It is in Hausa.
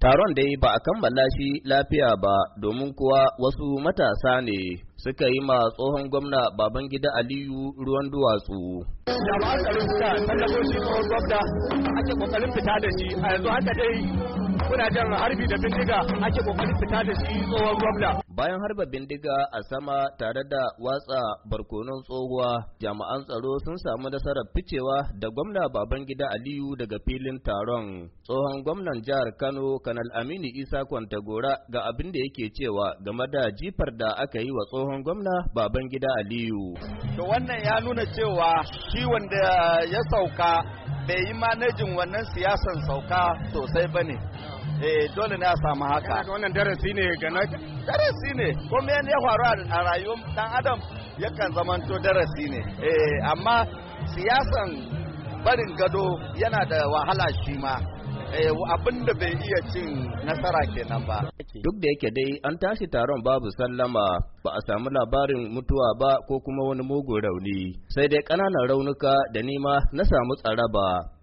Taron dai ba a kammala shi lafiya ba domin kuwa wasu matasa ne suka yi ma tsohon gwamna Babangida Aliyu ruwan duwatsu. Jama'a tsaro suka tallafo shi tsohon gwamna ake kokarin fita da shi a yanzu haka dai kuna jan harbi da bindiga ake kokarin fita da shi tsohon gwamna bayan harba bindiga a sama tare da watsa barkonon tsohuwa jami'an tsaro sun samu nasarar ficewa da gwamna babangida aliyu daga filin taron tsohon gwamnan jihar kano kanal aminu isa kwantagora ga abin da yake cewa game da jifar da aka yi wa tsohon gwamna babangida aliyu to wannan ya nuna cewa shi wanda ya sauka bai yi manajin wannan siyasan sauka sosai ba ne eh dole ne a samu haka ga wannan darasi ne ga na darasi ne ko me ne faru a rayuwar dan adam yakan zamanto darasi ne eh amma siyasan barin gado yana da wahala shi ma eh, abin da bai iya cin nasara kenan ba. Duk da yake dai an tashi taron babu sallama ba a samu labarin mutuwa ba ko kuma wani mugun rauni sai dai ƙananan raunuka da nima na samu tsaraba.